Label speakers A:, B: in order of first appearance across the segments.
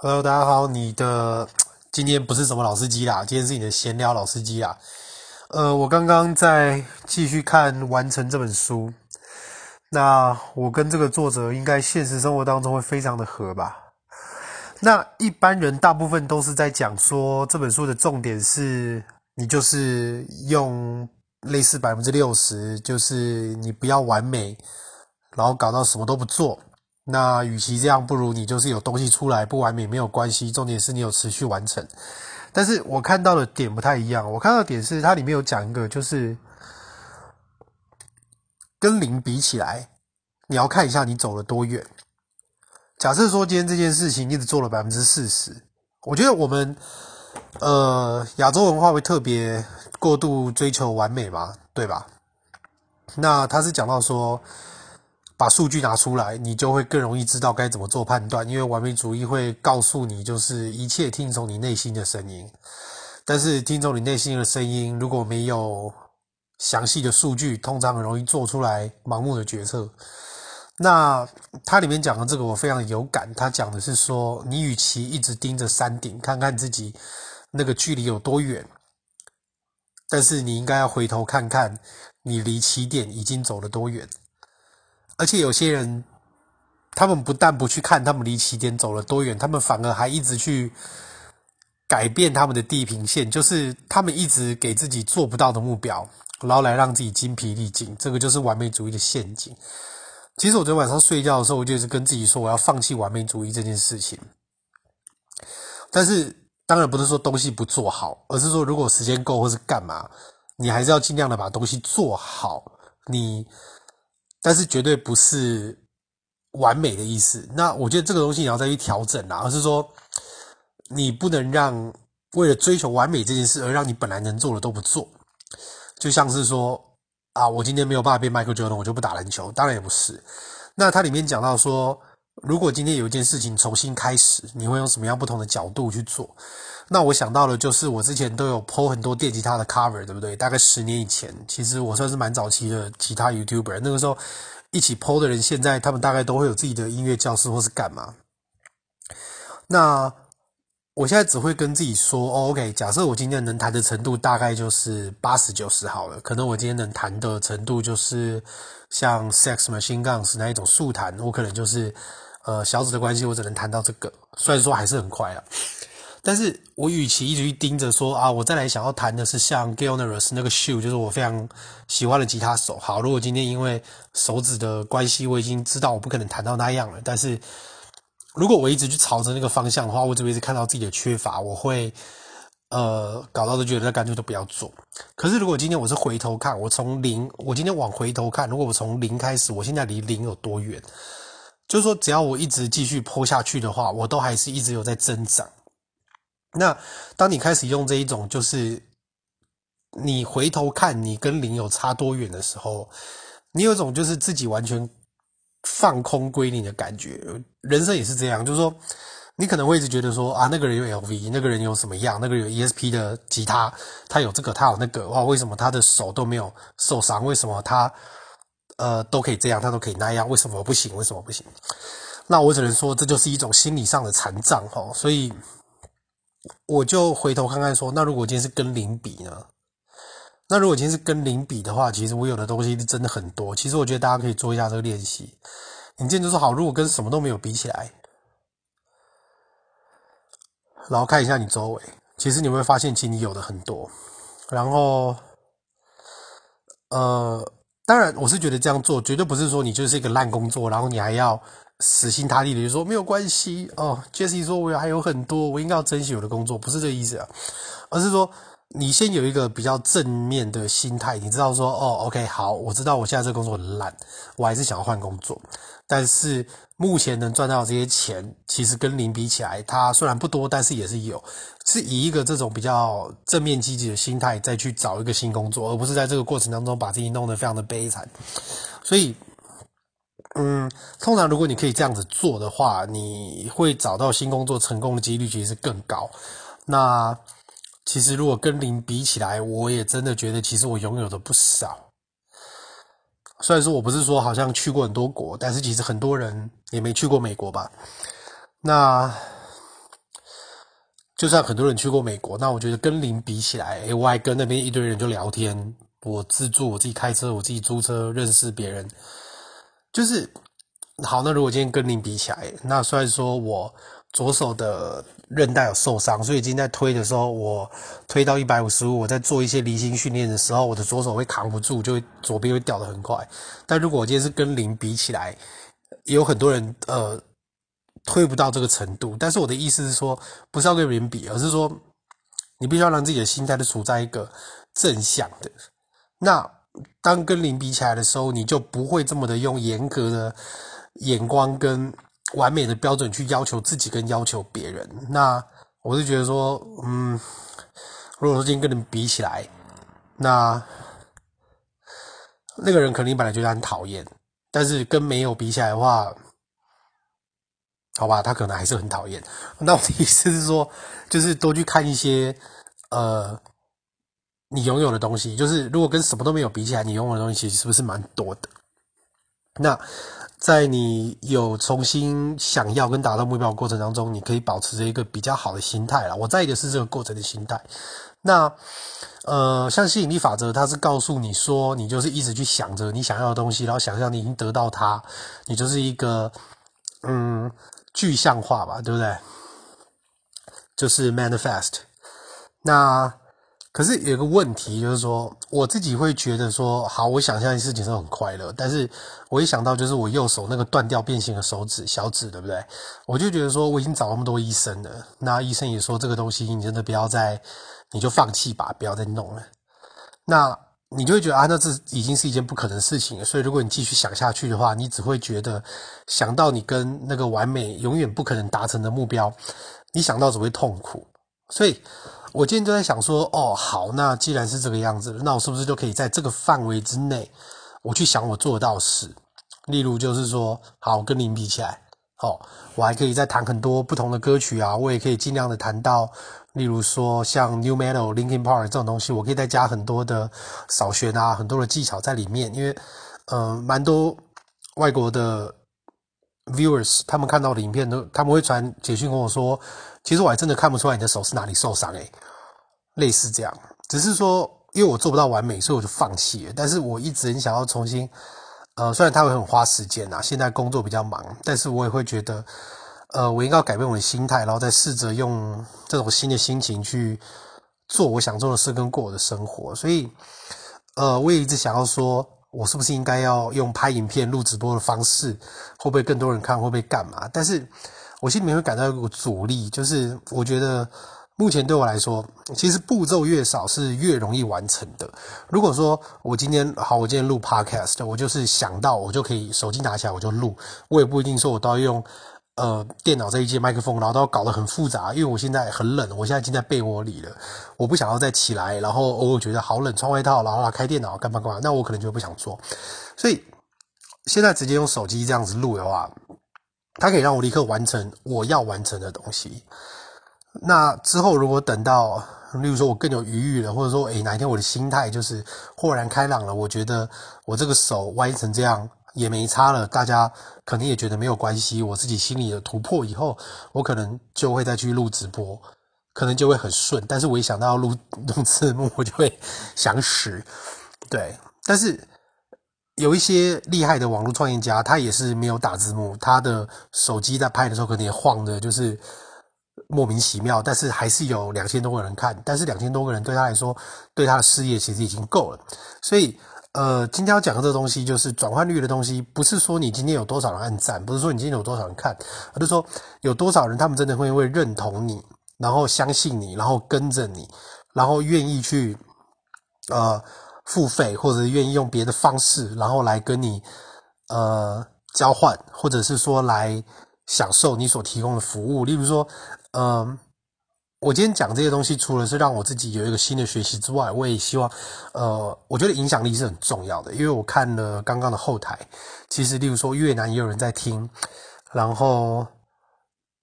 A: Hello，大家好，你的，今天不是什麼老司機啦，今天是你的閒聊老司機啦。呃，我剛剛在繼續看完成這本書，那我跟這個作者應該現實生活當中會非常的合吧？那一般人大部分都是在講說這本書的重點是，你就是用類似百分之六十，就是你不要完美，然後搞到什麼都不做。那與其這樣，不如你就是有東西出來，不完美沒有關係。重點是你有持續完成。但是我看到的點不太一樣，我看到的點是它裡面有講一個，就是跟零比起來，你要看一下你走了多遠。假設說今天這件事情你只做了百分之四十，我覺得我們呃亞洲文化會特別過度追求完美嘛，對吧？那他是講到說。把數據拿出來，你就會更容易知道該怎麼做判斷。因為完美主義會告訴你，就是一切聽從你內心的聲音。但是聽從你內心的聲音，如果沒有詳細的數據，通常很容易做出來盲目的決策。那它裡面講的這個我非常有感。他講的是說，你與其一直盯着山頂，看看自己那個距離有多遠，但是你應該要回頭看看，你離起點已經走了多遠。而且有些人，他們不但不去看他們離起點走了多遠，他們反而還一直去改變他們的地平線，就是他們一直給自己做不到的目標，然後來讓自己精疲力盡。這個就是完美主義的陷阱。其實我昨天晚上睡覺的時候，我就是跟自己說，我要放棄完美主義這件事情。但是當然不是說東西不做好，而是說如果時間夠或是幹嘛，你還是要盡量的把東西做好。你。但是絕對不是完美的意思。那我覺得這個東西你要再去調整啦，而是說你不能讓為了追求完美這件事而讓你本來能做的都不做。就像是說啊，我今天沒有辦法變 o 克 d a n 我就不打籃球。當然也不是。那它裡面講到說。如果今天有一件事情重新開始，你會用什麼樣不同的角度去做？那我想到了，就是我之前都有 po 很多電吉他的 cover，對不對？大概十年以前，其實我算是蠻早期的吉他 YouTuber。那個時候一起 po 的人，現在他們大概都會有自己的音樂教室或是幹嘛。那我現在只會跟自己說，哦，OK，假設我今天能彈的程度大概就是八十九十好了，可能我今天能彈的程度就是像 Sex Machine Guns 那一種速彈，我可能就是。呃，小指的關係，我只能談到這個。雖然說還是很快了，但是我與其一直盯着說啊，我再來想要彈的是像 Gillnerus 那個 show, 就是我非常喜歡的吉他手。好，如果今天因為手指的關係，我已經知道我不可能彈到那樣了。但是如果我一直去朝着那個方向的話，我只會一直看到自己的缺乏，我會呃搞到都覺得乾脆就不要做。可是如果今天我是回頭看，我從零，我今天往回頭看，如果我從零開始，我現在離零有多遠？就是說，只要我一直繼續潑下去的話，我都還是一直有在增長。那當你開始用這一種，就是你回頭看你跟零有差多遠的時候，你有一種就是自己完全放空歸零的感覺。人生也是這樣，就是說，你可能會一直覺得說啊，那個人有 LV，那個人有什麼樣，那個人有 ESP 的吉他，他有這個，他有那個，哇、啊，為什麼他的手都沒有受傷？為什麼他？呃，都可以這樣，他都可以那樣，為什麼不行？為什麼不行？那我只能說，這就是一種心理上的殘障哦。所以，我就回頭看看說，那如果今天是跟零比呢？那如果今天是跟零比的話，其實我有的東西是真的很多。其實我覺得大家可以做一下這個練習。你今天就說好，如果跟什麼都沒有比起來，然後看一下你周圍，其實你會發現，其實你有的很多。然後，呃。當然，我是覺得這樣做絕對不是說你就是一個爛工作，然後你還要死心塌地的就說沒有關係哦。Jesse 說，我還有很多，我應該要珍惜我的工作，不是這個意思啊，而是說。你先有一個比較正面的心態，你知道說哦，OK，好，我知道我現在這個工作很爛，我還是想要換工作。但是目前能賺到這些錢，其實跟零比起來，它雖然不多，但是也是有。是以一個這種比較正面積極的心態再去找一個新工作，而不是在這個過程當中把自己弄得非常的悲慘。所以，嗯，通常如果你可以這樣子做的話，你會找到新工作成功的幾率其實是更高。那。其實，如果跟零比起來，我也真的覺得，其實我擁有的不少。雖然說我不是說好像去過很多國，但是其實很多人也沒去過美國吧。那就算很多人去過美國，那我覺得跟零比起來，哎，我還跟那邊一堆人就聊天，我自助，我自己開車，我自己租車，認識別人，就是好。那如果今天跟零比起來，那雖然說我左手的。韌帶有受傷，所以今天在推的時候，我推到一百五十五，我在做一些離心訓練的時候，我的左手會扛不住，就會左邊會掉得很快。但如果我今天是跟零比起來，有很多人呃推不到這個程度。但是我的意思是說，不是要跟別人比，而是說你必須要讓自己的心態是處在一個正向的。那當跟零比起來的時候，你就不會這麼的用嚴格的眼光跟。完美的標準去要求自己跟要求別人，那我是覺得說，嗯，如果說今天跟你比起來，那那個人可能本來覺得很討厭，但是跟沒有比起來的話，好吧，他可能還是很討厭。那我的意思是說，就是多去看一些，呃，你擁有的東西，就是如果跟什麼都沒有比起來，你擁有的東西其實是不是蠻多的？那，在你有重新想要跟達到目標的過程當中，你可以保持着一個比較好的心態啦。我在意的是這個過程的心態。那，呃，像吸引力法則，它是告訴你說，你就是一直去想着你想要的東西，然後想象你已經得到它，你就是一個，嗯，具象化吧，對不對？就是 manifest。那。可是有個問題，就是說我自己會覺得說，好，我想象的事情是很快樂，但是我一想到就是我右手那個斷掉變形的手指、小指，對不對？我就覺得說，我已經找那麼多醫生了，那醫生也說這個東西你真的不要再，你就放棄吧，不要再弄了。那你就會覺得，啊，那這已經是一件不可能的事情了。所以，如果你繼續想下去的話，你只會覺得想到你跟那個完美永遠不可能達成的目標，你想到只會痛苦。所以，我今天就在想說，哦，好，那既然是這個樣子，那我是不是就可以在這個範圍之內，我去想我做到事？例如就是說，好，我跟您比起來，哦，我還可以再彈很多不同的歌曲啊，我也可以盡量的彈到，例如說像 New Metal、Linkin Park 這種東西，我可以再加很多的掃弦啊，很多的技巧在裡面。因為，嗯、呃，蠻多外國的 Viewers 他們看到的影片都，他們會傳簡訊跟我說。其實我還真的看不出來你的手是哪裡受傷誒，類似這樣，只是說因為我做不到完美，所以我就放棄了。但是我一直很想要重新，呃，雖然他會很花時間啊，現在工作比較忙，但是我也會覺得，呃，我應該要改變我的心態，然後再試着用這種新的心情去做我想做的事跟過我的生活。所以，呃，我也一直想要說，我是不是應該要用拍影片、錄直播的方式，會不會更多人看，會不會幹嘛？但是。我心裡面會感到一股阻力，就是我覺得目前對我來說，其實步驟越少是越容易完成的。如果說我今天好，我今天錄 Podcast，我就是想到我就可以手機拿起來我就錄，我也不一定說我都要用呃電腦這一節麥克風，然後都搞得很複雜。因為我現在很冷，我現在已經在被窩裡了，我不想要再起來，然後我覺得好冷，穿外套，然後開電腦幹嘛幹嘛，那我可能就不想做。所以現在直接用手機這樣子錄的話，它可以讓我立刻完成我要完成的東西。那之後，如果等到，例如說我更有餘裕了，或者說，誒，欸，哪一天我的心態就是豁然開朗了，我覺得我這個手歪成這樣也沒差了，大家肯定也覺得沒有關係。我自己心裡的突破以後，我可能就會再去錄直播，可能就會很順。但是我一想到要錄，錄字幕，我就會想死。對，但是。有一些厲害的網絡創業家，他也是沒有打字幕，他的手機在拍的時候可能也晃的，就是莫名其妙。但是還是有兩千多個人看，但是兩千多個人對他來說，對他的事業其實已經夠了。所以，呃，今天要講的這個東西，就是轉換率的東西，不是說你今天有多少人按讚，不是說你今天有多少人看，而是說有多少人他們真的會認同你，然後相信你，然後跟着你，然後願意去，啊、呃。付費或者願意用別的方式，然後來跟你，呃，交換，或者是說來享受你所提供的服務。例如說，嗯、呃，我今天講這些東西，除了是讓我自己有一個新的學習之外，我也希望，呃，我覺得影響力是很重要的，因為我看了剛剛的後台，其實例如說越南也有人在聽，然後，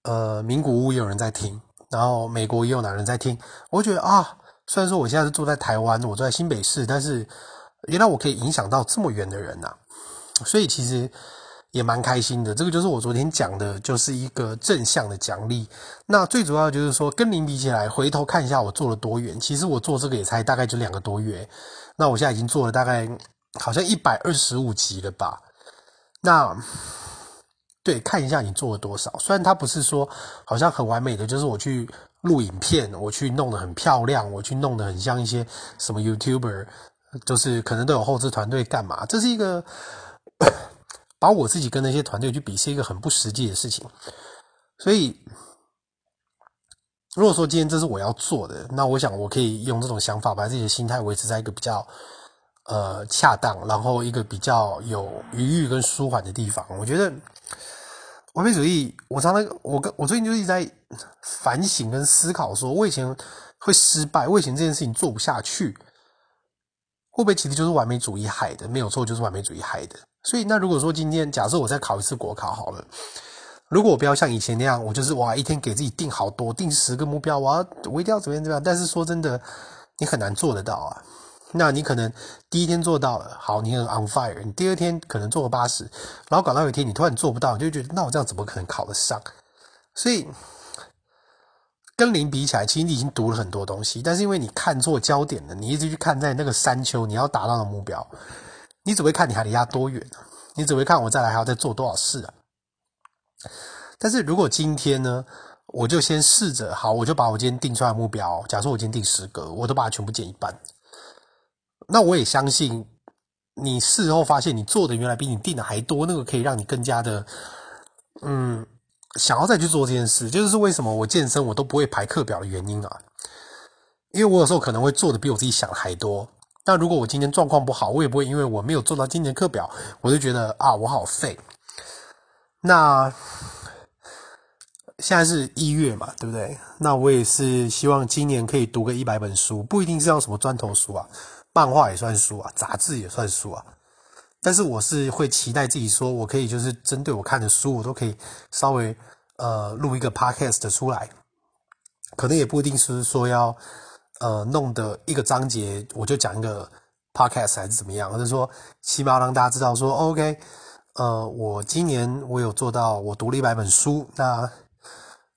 A: 呃，名古屋也有人在聽，然後美國也有男人在聽，我覺得啊。雖然說我現在是住在台灣，我住在新北市，但是原來我可以影響到這麼遠的人吶、啊，所以其實也蠻開心的。這個就是我昨天講的，就是一個正向的獎勵。那最主要的就是說，跟零比起來，回頭看一下我做了多遠。其實我做這個也才大概就兩個多月，那我現在已經做了大概好像一百二十五集了吧。那對，看一下你做了多少。雖然他不是說好像很完美的，就是我去錄影片，我去弄得很漂亮，我去弄得很像一些什麼 YouTuber，就是可能都有後製團隊幹嘛。這是一個把我自己跟那些團隊去比，是一個很不實際的事情。所以，如果說今天這是我要做的，那我想我可以用這種想法把自己的心態維持在一個比較，呃，恰當，然後一個比較有餘裕跟舒緩的地方。我覺得。完美主義，我常常我跟我最近就一直在反省跟思考說，說我以前會失敗，我以前這件事情做不下去，會不會其實就是完美主義害的？沒有錯，就是完美主義害的。所以，那如果說今天假設我再考一次國考好了，如果我不要像以前那樣，我就是哇，一天給自己定好多，定十個目標，我要我一定要怎麼樣怎麼樣。但是說真的，你很難做得到啊。那你可能第一天做到了，好，你很 on fire。你第二天可能做個八十，然後搞到有一天你突然做不到，你就覺得那我這樣怎麼可能考得上？所以跟零比起來，其實你已經讀了很多東西，但是因為你看錯焦點了，你一直去看在那個山丘你要達到的目標，你只會看你還離它多遠，你只會看我再來還要再做多少事啊？但是如果今天呢，我就先試着，好，我就把我今天定出來的目標，假設我今天定十個，我都把它全部減一半。那我也相信，你事後發現你做的原來比你定的還多，那個可以讓你更加的，嗯，想要再去做這件事，就是為什麼我健身我都不會排課表的原因啊，因為我有時候可能會做的比我自己想的還多。那如果我今天狀況不好，我也不會因為我沒有做到今年課表，我就覺得啊我好廢。那現在是一月嘛，對不對？那我也是希望今年可以讀個一百本書，不一定是要什麼磚頭書啊。漫畫也算書啊，雜誌也算書啊，但是我是會期待自己說，我可以就是針對我看的書，我都可以稍微呃錄一個 podcast 出來，可能也不一定是說要呃弄得一個章節，我就講一個 podcast 還是怎麼樣，或者說起碼讓大家知道說，OK，呃，我今年我有做到，我讀了一百本書，那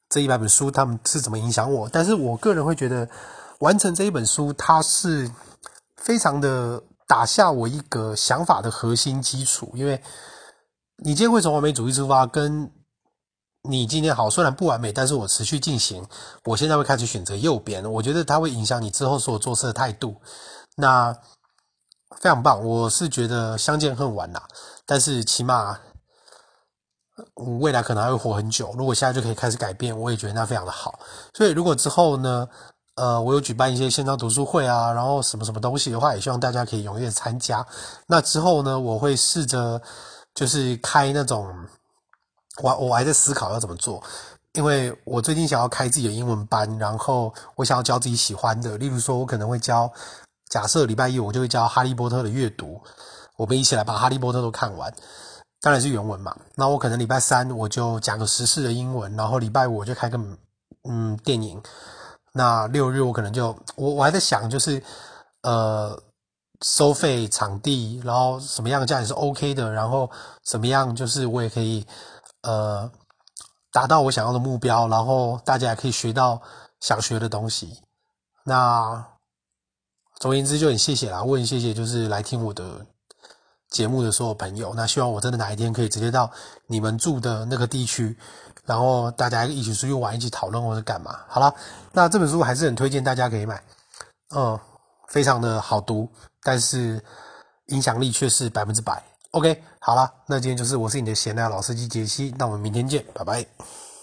A: 這一百本書他們是怎麼影響我？但是我個人會覺得，完成這一本書，它是。非常的打下我一個想法的核心基礎，因為你今天會從完美主義出發，跟你今天好，雖然不完美，但是我持續進行，我現在會開始選擇右邊，我覺得它會影響你之後所有做事的態度。那非常棒，我是覺得相見恨晚啦。但是起碼我未來可能還會活很久。如果現在就可以開始改變，我也覺得那非常的好。所以如果之後呢？呃，我有舉辦一些線上讀書會啊，然後什麼什麼東西的話，也希望大家可以踴躍參加。那之後呢，我會試着就是開那種，我我還在思考要怎麼做，因為我最近想要開自己的英文班，然後我想要教自己喜歡的，例如說我可能會教，假設禮拜一我就會教哈利波特的閱讀，我們一起來把哈利波特都看完，當然是原文嘛。那我可能禮拜三我就講個時事的英文，然後禮拜五我就開個，嗯，電影。那六日我可能就我我還在想就是，呃，收費場地，然後什麼樣的價錢是 OK 的，然後怎麼樣就是我也可以，呃，達到我想要的目標，然後大家也可以學到想學的東西。那總而言之就很謝謝啦，我很謝謝就是來聽我的節目的所有朋友。那希望我真的哪一天可以直接到你們住的那個地區。然後大家一起出去玩，一起討論或者幹嘛？好了，那這本書還是很推薦大家可以買，嗯，非常的好讀，但是影響力卻是百分之百。OK，好了，那今天就是我是你的閒聊老司機傑西，那我們明天見，拜拜。